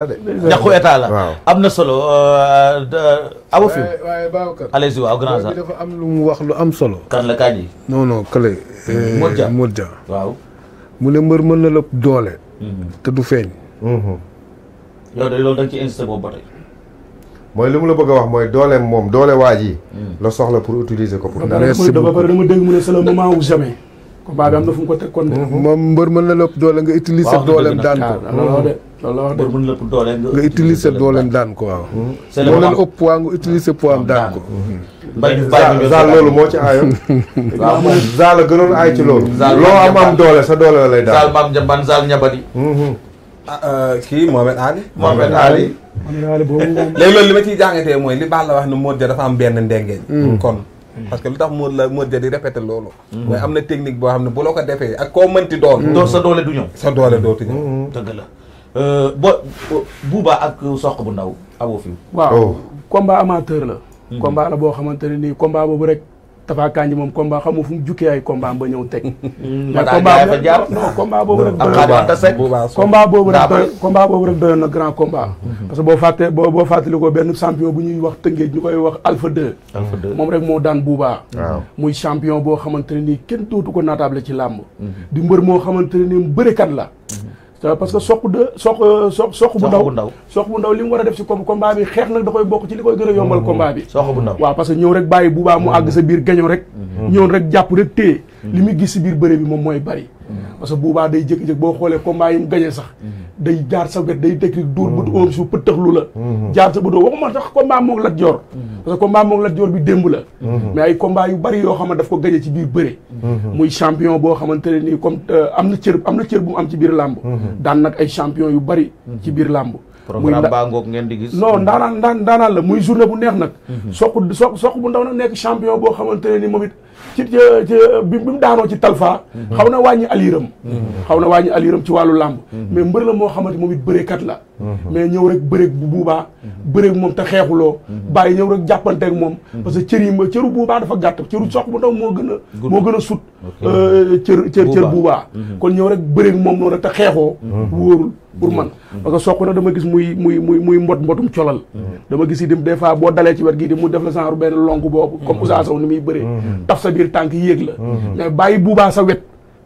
ñaxu état la am na solo euh, euh, awa fi dafa am lu mu wax lu am solo kan la kaaj yi non non kële hmm, euh, Modja Modja waaw mu ne mbër mën na la doole hmm. te du feeñ mhm. yow de loolu da ci insisté boobu ba tey mooy mu la bëgg a wax mooy dooleem moom doole waa ji hmm. la soxla pour utiliser ko pour ba pare dama dégg mu ne c'est le moment ko teg mhm. moom mbër mën na la doole nga utiliser dooleem daan ko ah, loolu wax dëgg mën la dooleem nga utiliser dooleem daan ko waaw. Hmm. moo leen ëpp poids nga utiliser poids daan ko. Hmm. Hmm. zaal loolu moo ci aayoon. waaw moom zaal a gënoon aay ci loolu. loo am am doole sa doole la lay daan. zaal maam njambaan zaal ñabadi. Ah, euh, kii Mohamed Ali. Mohamed Ali. léegi loolu li ma ciy jàngatee mooy li Balla wax ni Modou Dia dafa am benn ndengeeñ. kon parce que lu tax Modou la Modou Dia di répété loolu. mooy am na technique boo xam ne bu la ko defee ak koo mënti doon. doon sa doole du ñëw. sa doole dootu ñëw. la. Euh, bo Bouba ak soq bu ndaw amoo fi. waaw oh. combat amateur la. Mhm. combat la boo xamante ne nii combat boobu rek. Tapha Kandji moom combat xamu fu jukkee ay combat ba ñëw teg. mais combat bi non combat boobu rek. combat boobu rek combat boobu rek doyoon na grand combat. Mhm. parce que boo fàttee boo boo fàttali ko benn champion bu ñuy wax tëngeej ñu koy wax Alpha 2. moom rek moo daan Bouba. muy champion boo xamante ne nii kenn dootu ko naataable ci làmb. Mhm. di mbër moo xamante ne nii mbërekat la. Euh, parce que soq de soq euh, soq soq bu ndaw soq bu ndaw li mu war a def si comme combat bi xeex nag da koy bokk ci li koy gën a yombal mm-hmm. combat bi soq bu ndaw waaw parce que ñëw rek bàyyi bu baa mu àgg sa mm-hmm. biir gaño rek mm-hmm. ñëw rek jàpp rek téye li muy gis si biir bëre bi moom mooy bari parce que bu baa day jékki-jékki boo xoolee combat yi mu gañee sax day jaar sa wet day dëkk dóor bët hmm. óor suuf pëttaxlu la hmm. jaar sa bëtoo waxuma sax combat moog Lat Dior hmm. parce que combat moog Lat Dior bi démb la mais ay combat yu bari yoo xam ne daf ko gañe ci biir bëre muy champion boo xamante ne nii comme euh, am na cër am na cër bu mu am ci biir làmb daan nag ay champion yu bari ci biir làmb programme baa ngoog ngeen di gis non ndaanaan ndaanaan la muy journée bu neex nag soq soq bu ndaw nag nekk champion boo xamante ne nii moom it ci ci bi mu daanoo ci talfa mhm. xaw na wàññi aliiram mhm. xaw na wàññi aliiram ci wàllu làmb mhm. mais mbër la moo xamante moom it bëreekat la mais ñëw rek bëreeg bu buubaa bëreeg moom te xeexuloo bàyyi ñëw rek jàppanteeg moom parce que cër yi ma cëru buubaa dafa gàtt cëru sox bu ndaw moo gën a moo gën a sut euh, cër cër cër buubaa kon ñëw rek bëreeg moom noonu rek te xeexoo wóorul pour man parce que soq na dama gis muy muy muy muy mbot mbotum colal dama gis yi dim des fois boo dalee ci wet gii di mu def la genre benn lonk boobu comme Ousa ni muy bëree sa biir tànk yéeg la. mais mhm. bàyyi buubaa sa wet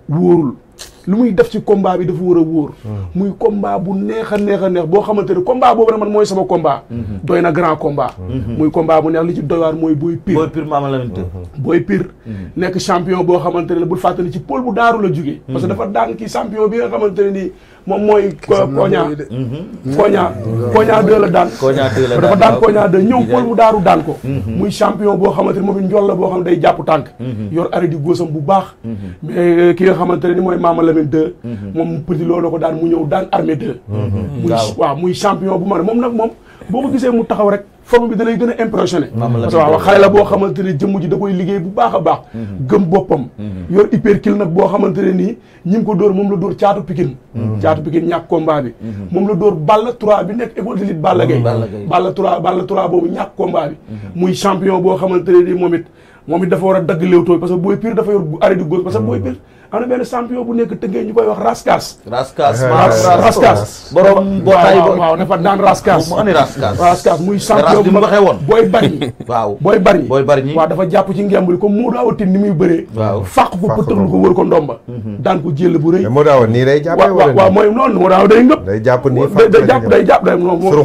wóorul. lu muy def ci combat bi dafa war a wóor. Mhm. muy combat bu neex a neex a neex boo xamante ne combat boobu nag man mooy sama combat. Mhm. doy na grand combat. muy combat bu neex li ci doy waar mooy Boy Pire. Boy Pire la Boy Pire. nekk champion boo xamante ne bul fàttali ci pôle bu daaru la jugee. parce que dafa daan kii champion bi nga xamante ne moom mooy. Mhm. Koña Koña Koña 2 la daan. Koña 2 la daan dafa daan Koña 2 ñëw pël mu daaru daan ko. Mhm. muy champion boo xamante ne moom it njool boo xam ne day jàpp tànk. Mhm. yor arrêt di góosam bu baax. Euh, ki nga xamante ne ni mooy Maama Lamine 2. moom petit loolu ko daan mu ñëw daan armée 2. muy waaw muy champion bu ma ne moom nag moom boo ko gisee mu taxaw rek. forme bi da lay gën a impressionné parce waaw xale la boo xamante ne jëmm ji da koy liggéey bu baax a baax mm-hmm. gëm boppam mm-hmm. yor hypercule nag boo xamante ne nii ñi ngi ko door moom la door caatu Pikine mm-hmm. caatu Pikine ñàkk combat bi moom la dóor Balla 3 bi nekk école de lutte Balla Gaye Balla 3 Balla 3 boobu ñàkk combat bi muy champion boo xamante ne nii moom it moom it dafa war a dagg léewtooy parce que booy pire dafa yor arrêt de gauche parce que booy pire am na benn champion bu nekk tëggee ñu koy wax Raskas. Raskas eh, eh, Raskas borom bootaay waaw waaw dafa daan Raskas. mu andi Raskas Raskas muy champion bu ma waxee woon booy bari. waaw booy bari. booy bari waaw dafa jàpp ci ngembali comme Modou Awa Tine ni muy bëree. waaw fàq ko pëtëxlu ko wër ko ndomba. Mhm. daan ko jël bu rëy. mais Modou Awa nii day jàppee wala waaw mooy noonu Modou Awa day ngëpp. day jàpp nii fàq day jàpp day jàpp day waaw Modou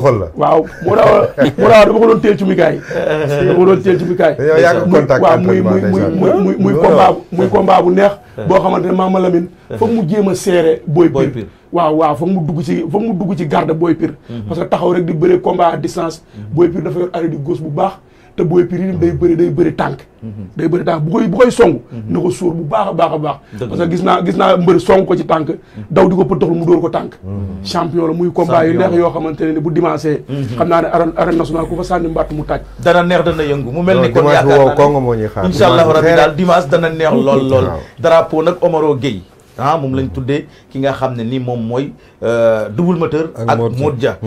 ko doon muy muy muy muy combat muy combat bu neex boo xamante ne Mama Lamine foog mu jéem a seere Boy Pire waaw waaw foog mu dugg ci foog mu dugg ci garde booy Pire mhm. parce que taxaw rek di bëre combat à distance mhm. Boy Pire dafa yor arrêt di gauche bu baax te booy pirim day bëri day bëri tànk mhm. day bëri tànk bu koy bu koy song mhm. na bu baax a baax a baax parce que gis naa gis naa mbëri song ko ci tànk mhm. daw di ko pëddoxlu mu dóor ko tànk champion la muy combat yu neex yoo xamante ne bu dimanche xam naa ne arène arène nationale ku fa mu taaj dana neex dana yëngu mu mel ni kon yaakaar naa ne incha allahu rabbi daal dimanche dana neex lool lool drapeau nag Omaro Gueye ah moom lañ tuddee ki nga xam ne nii moom mooy euh, double moteur ak ja